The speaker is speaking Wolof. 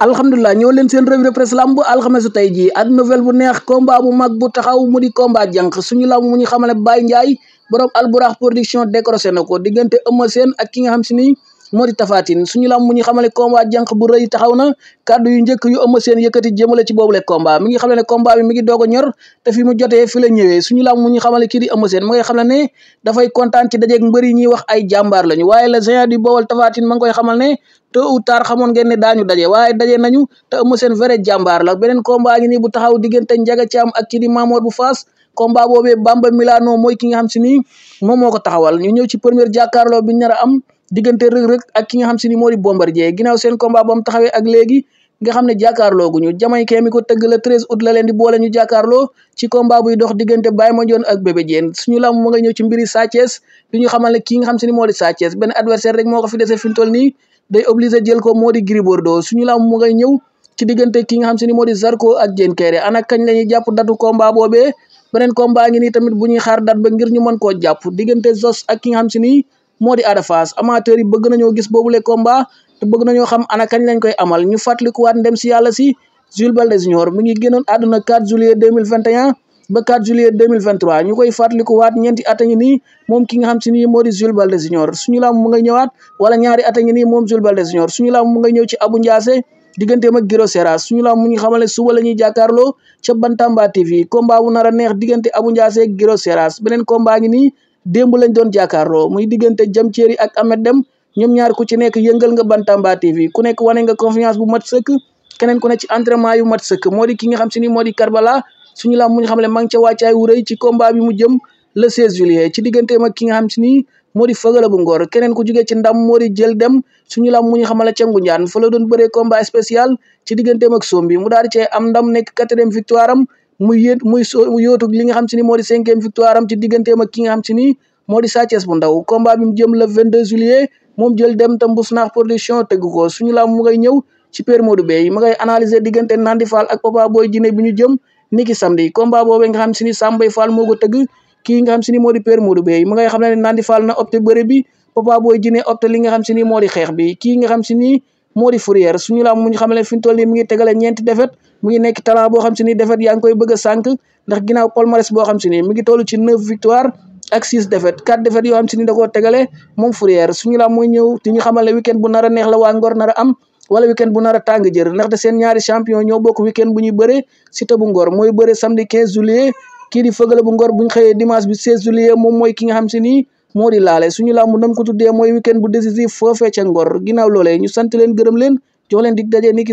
alhamdulilah ñëw leen seen revue de presse lamb alxamesu tey jii ak nouvelle bu neex combat bu mag bu taxaw mu di combat jànq suñu lamb mu ñu xamal ne Baye Ndiaye borom alburax production décroché na ko diggante Eumeu seen ak ki xam si ni moo di Tapha suñu lam mu ñu xamal ne combat jànq bu rëy taxaw na kàddu yu njëkk yu Eumeu Sène yëkkati jëmale ci boobule combat mi ngi xam ne combat bi mi ngi doog a ñor te fi mu jotee fi la suñu lam ñu xamal ne kii di Eumeu Sène mu ngay xam ne dafay kontaan ci dajeeg mbër yi ñuy wax ay jàmbaar lañu waaye le géant du Baol Tapha ma ngi koy xamal ne tôt ou tard xamoon ngeen ne daañu daje waaye daje nañu te Eumeu Sène vrai jàmbaar la beneen combat ngi nii bu taxaw diggante Njaga Caam ak ci di Mamour bu Faas combat boobee Bamba Milano mooy ki nga xam si nii moom moo ko taxawal ñu ñëw ci première jàkkaarloo bi ñu nar am diggante rëg-rëg ak ki nga xam si ni moo di bombardier ginnaaw seen combat ba mu taxawee ak léegi nga xam ne jàkkaarloo guñu jamaykee mi ko tëgg la 13 août la leen di boole ñu jàkkaarloo ci combat buy dox diggante Baye Mandione ak Bébé Diène suñu lamb mu nga ñëw ci mbiri Sa Thiès ñu xamal ne kii nga xam si ni moo di Sa Thiès benn adversaire rek moo ko fi dese fi mu toll nii day obligé jël ko moo di Gris Bordeaux suñu lamb mu ngay ñëw ci diggante ki nga xam si ni moo di Zarko ak Diène Kairé ana kañ la ñuy jàpp datu ko boobee beneen combat ngi nii tamit bu ñuy xaar dat ba ngir ñu mën koo jàpp diggante Zos ak ki nga xam si nii moo di Ada Fass amateur yi bëgg nañoo gis boobule combat te bëgg nañoo xam ana kañ lañ koy amal ñu fàttalikuwaat ndem si yàlla si Jules Baldé Junior mi ngi génnoon àdduna 4 juillet 2021 ba 4 juillet 2023 ñu koy fàttalikuwaat ñeenti at a ngi nii moom ki nga xam si nii moo di Jules Baldé su suñu laam mu nga ñëwaat wala ñaari at a ngi moom Jules Baldé Junior suñu la mu nga ñëw ci Abou Ndiassé digganteem ak Giro Seras suñu laam mu ngi xamal ne suba la ñuy jàkkaarloo ca Bantamba TV combat a neex diggante Abou Ndiassé ak Giro Seras beneen combat nii démb lañ doon jàkkaarloo muy diggante Jam Thierry ak Ahmed Dem ñoom ñaar ku ci nekk yëngal nga Bantamba TV ku nekk wane nga confiance bu mat sëkk keneen ku ne ci entraînement yu mat sëkk moo di ki nga xam si ni moo di Karbala suñu laam muñ xam ne ma ngi ca wàccaay wu rëy ci combat bi mu jëm le 16 juillet ci digganteem ak ki nga xam si ni moo di fëgala bu ngor keneen ku jógee ci ndam moo di jël dem suñu lam mu ñu xamale ca Ngunjaan fa la doon bëree combat spécial ci digganteem ak Sombi mu daal di cee am ndam nekk quatrième victoire am muy yéet muy yóotu li nga xam si ni moo di cinquième victoire am ci digganteem ak ki nga xam si ni moo di Sa bu ndaw combat bi mu jëm le 22 juillet moom jël dem tam Mbousnakh production tëgg ko su laam mu ngay ñëw ci Père Modou Bey ma ngay analyser diggante Nandi Fall ak Papa Boy ñu jëm niki samedi combat boobu nga xam si ni Sambay Fall moo ko tëgg kii nga xam si ni moo di Père Modou Bey ma ngay ne Nandi Fall na opté bëre bi Papa Boy Djiné opté li nga xam si ni moo di xeex bi kii nga xam si ni moo di Fourier suñu laam mu ñu xam ne fi mu ngi tegale ñeenti défaite muy nekk talent boo xam si ni défaite yaa ngi koy bëgg a sànq ndax ginnaaw palmarès boo xam si ni mi ngi toll ci neuf victoire ak six défaites quatre défaites yoo xam si ni da tegale moom Fourrière suñu la mooy ñëw di ñu xamal ne week-end bu nar a Ngor nar a wala week-end bu nar a tàng jër ndaxte seen ñaari champion ñoo bokk week-end bu bëree Cité bu Ngor mooy bëree samedi 15 juillet kii di Feugueleu bu Ngor bu ñu xëyee dimanche bi moom mooy ki nga xam si ni moo di ko tuddee mooy week-end bu décisif foofee ca Ngor ñu sant leen gërëm leen jox leen dig daje ni